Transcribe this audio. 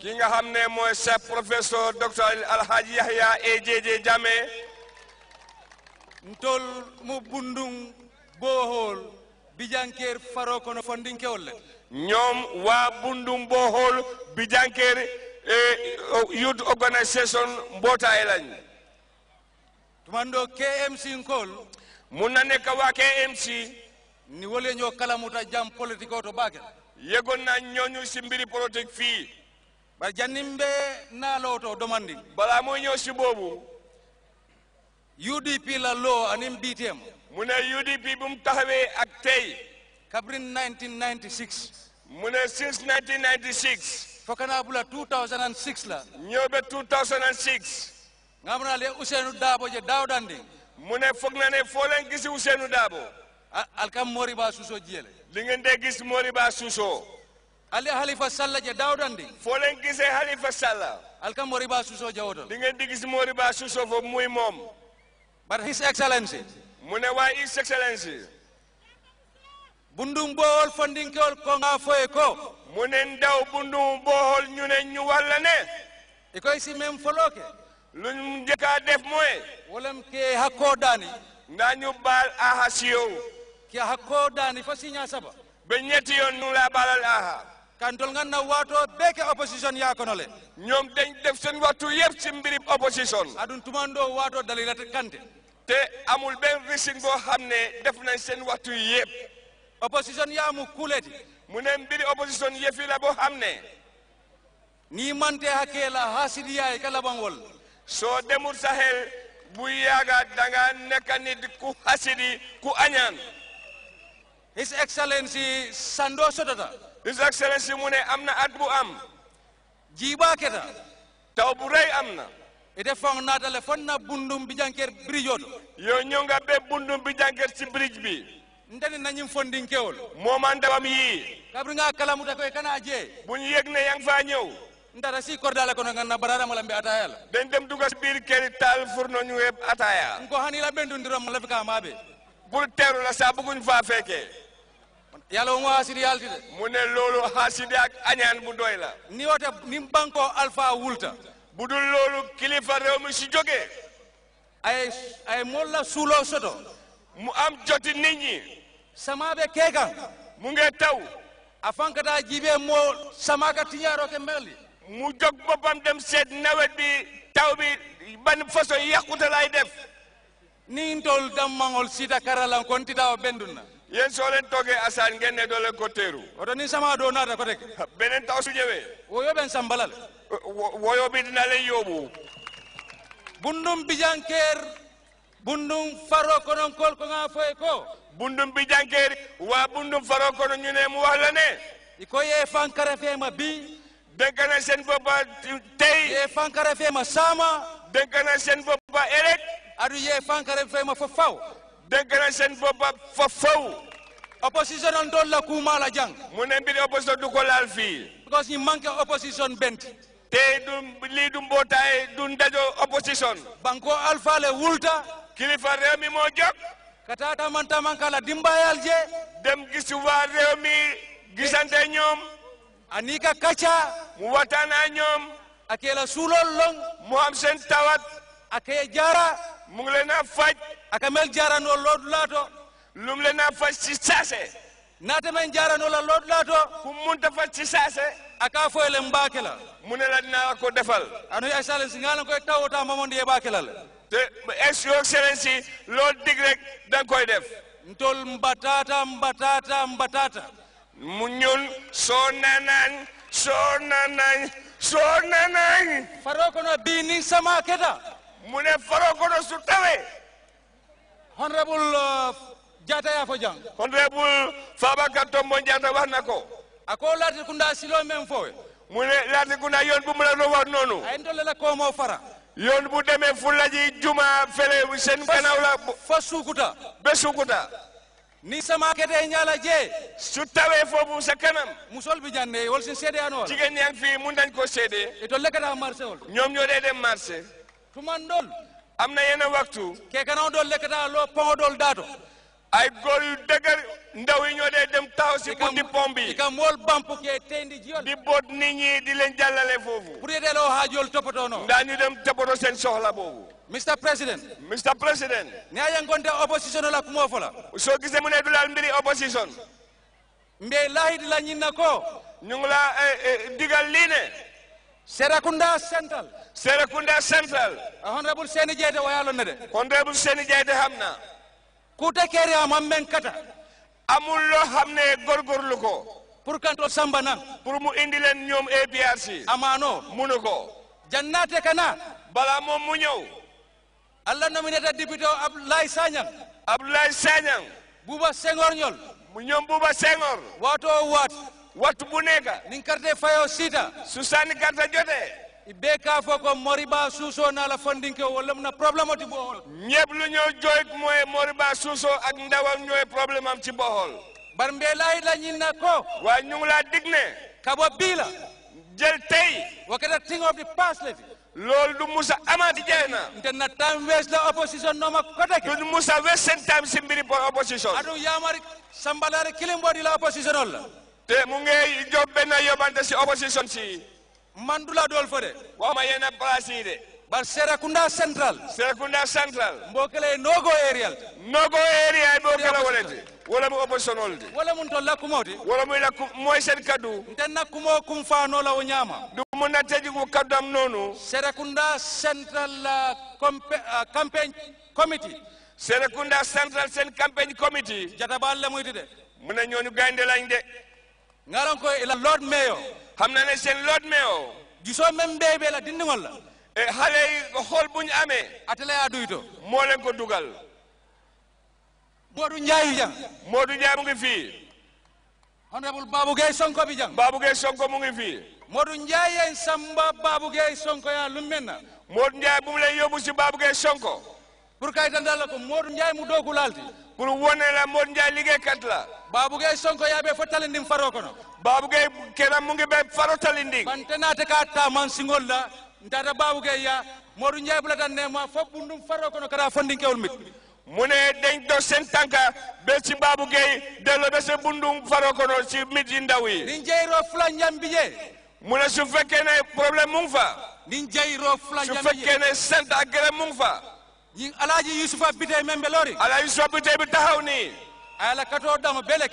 ki nga xam ne mooy chef professeur docteur alhaji yahya ejeje jame ntol mo bundung bohol bijanker faro fondinkewol le ñoom waa bundum bohol bijanker eh, youth organisation mbootaay lañ tumando KMC nkol mun na nekk waa KMC ni wole ñoo kalamuta jam politique o to baakel na ñooñu si mbiri politique fii bari jannin be naaloto domandi bala moo ñëw si boobu UDP la loo anim DTM mu ne UDP bu mu taxawee ak tey kabrin 1996 mu ne since 1996 fokanaa bula la ñëw be 2006 nga xam naa le Ousseynou Daabo je daaw dandi mu ne foog na ne foo leen gisi Ousseynou Daabo alkam Moriba Suso jiyele li ngeen dee gis Moriba Suso Ali Halifa Salla je dawdandi fo len gisee Halifa Salla alkam Moriba Suso jawdol di ngeen di gis Moriba Suso fo muy mom bar his excellency mune wa his excellency bundum bool fondinkeol ko nga foye ko mune ndaw bundum bool ñu ñu wala ne e koy si même foloke luñ jeka def moy wolam ke hakko dani ndaa ñu bal ahasiyo si yow ki hakkoo fa signa saba be ñetti yon ñu la baalal aha nga na wato beke opposition ya ko nole ñom dañ def seen watu yeb ci mbirib opposition adun tumando wato dalila kante te amul ben rising bo xamne def nañ seen watu yeb opposition ya mu kuleti mu ne mbiri opposition yefi la bo xamne ni mante hakela hasidiya e kala bangol so demul sahel bu yaga da nga nekani ku hasidi ku añaan His Excellency Sandoso Tata. His Excellency Mune Amna Adbu Am. Jiba Keta. Tauburei Amna. Ida fong na telefon na bundum bijangker brijodo. Yo nyonga be bundum bijangker si brijbi. Ndani na nyim Funding keol. Moman dawam yi. Kabri nga kalamuta koy kana aje. Buñ yegne yang Fanyo, ndara si kordala kono nganna barara mo lambe ataya la den duga bir keri tal furno ñu ataya ko hanila la bendu ndirom la fi ka mabe bul teru la fa feke yàlla wo haasidi yaaltide mu ne loolu haasidi ak añaan bu doy la ni wote ni bankoo alpha wulta bu dul loolu kilifa réew mi si jógee ay ay mool la suuloo soto mu am joti nit ñi sama be keekan mu nge taw afan ka taa jiibee moo sama ka tiñaaroo ke merli mu jóg boppam dem seet nawet bi taw bi ban façon yàqute lay def ni ntol dammaŋol siita karalan kon titaawo bendun na yéen soo leen toogee asaan ngeen ne doo ko teeru oto ni sama doo naata ko rek beneen taw su ñëwee ben sambalal woyo bi dina leen yóbbu bundum bijankeer bundum faro konon kol foye ko bundum bijankeer waa bundum faro konon ñu mu wax i ko yee fankara feema bi denkana seen boppa tey yee fankara feema saama denkana seen boppa elek adu yee fankara feema fo faw dégg na seen boppam fa faw opposition on doon la kuuma la jàng mu ne opposition du ko laal fii because ñi manqué opposition bent te lii du mbootaay du ndajo opposition banko alpha wulta kilifa réew mi moo jóg katata man tamanka la dimbayal je dem gis waa gisante ñoom ani ka kaca mu waxtaan ñoom akee la suulool long mu am seen tawat akee jaara mu ngi leen a faj aka mel jarano lodulato lumle na fas ci sase naata men jarano la lodulato ku munta fas ci sase aka foyle mbake la mune la dina ko defal anu ya sale singala koy tawota i e bake la te ex your excellency lo dig rek dang koy def ntol mbatata mbatata mbatata mu ñun soo nanañ soo nanañ soo nanañ faro kono bi ni sama keta mu ne faro kono su tawee honorable jata euh, yafo jang honorable fabaka tombo jata wax na ko ako laati kunda silo men fowe mu ne laati kunda yoon bu mu la doon wax noonu ay ndolle la koomoo fara yoon bu demee fu laji juma fele seen gannaaw la fa suukuta be suukuta ni sama kete ñala je su tawee foofu sa kanam musol bi jande wol sin seede ano jigéen ñi ak fii mun nañ ko seede e to lekata marché wol ñoom ñoo dee dem marché tuman am na yena waktu ke kana do lekata lo pongo dol dato ay gol yu dëgër ndaw yi ñoo dee dem taxaw si bunti pom bi ikam wol bamp ke tendi jiol di boot nit ñi di leen jàllale foofu pour yedee loo haajol toppatoo noonu ndaa ñu dem toppatoo seen soxla boobu Mr. President. Mr. President. ni a yangonte la kumoo fo la soo gisee mu ne du n mbiri opposition mbe laahid la ñin na ko ñu la eh, eh, digal lii Serakunda Central. Serakunda Central. Honorable Seni Jaita wayalo nede. Honorable Seni Jaita hamna. Kuta kere amamben kata. Amullo hamne gorgorlu ko. Pour kanto samba nan. Pour mu indi len ñom APRC. Amano. Munuko. Jannate kana. Bala mom mu ñew. Allah nominate député Abdoulaye Sagnang. Abdoulaye Sagnang. Buba Senghor ñol. Mu ñom Buba Senghor. Wato wat. wattu bu nekk nin karte fayo sita susani karta jote ibe ka fo ko moriba suso na la fondinke wolam na problème oti bohol ñepp lu ñoo joy moy moriba suso ak ndawam ñoy problème am ci bohol bar mbe lay la ñin na ko wa ñu la digne kabo bila jël tey wakata thing of the past lati loolu du Musa amati jeena nte na time waste la opposition nooma koteke du Musa waste seen time si mbiri opposition adu yamari la te mu ngi jóg benn yóbbante si opposition si. man du la dool fa de. waxuma yenn place yi de. bar Serekunda central. Serekunda central. mbokele nogo aerial. nogo aerial mbokele wolete. wala mu opposition wol de. wala mu ntol la kumoo de. wala muy la ku mooy seen kaddu. nten na kumoo kum faanoo la o ñaama. du mun na tëj mu kaddu am noonu. Serekunda central compa euh, seen campagne committee. la muy di de. mu ne ñooñu gaynde ngaran ko ila lord mayo hamna ne sen lord mayo giso men bebe la dindingol la e eh, hale hol buñ amé atale ya duyto mo len ko dugal bodu nyaay jang modu nyaay mu ngi fi honorable babu sonko bi jang babu gay sonko mu ngi fi modu nyaay en samba babu gay sonko ya lumenna modu nyaay bu mu len yobu ci babu gay sonko pour kay tan dal ko modu nyaay mu dogu lalti pour wone la Modou Njie liggéeykat la babuge sonko yaɓe fo talindin faro kono babuge kenan mu ngi ɓe faro talindin bante naate ka taman singol la ntata babuge ya Modou Njie bulatan nema fo ɓundum faro kono kata fondinkewol mit mu ne dañ do seen tànka ba ci delloo ba sa bundum faro kono ci mit yi ndaw yi niñ jeyro fula njambi je ne su fekkee ne problème mu fa niñ jeyro fula njambi je su fekkee ne yin alaji yusufa bitey men lori ala yusufa bitey ɓe tahaw ayala kato dama belek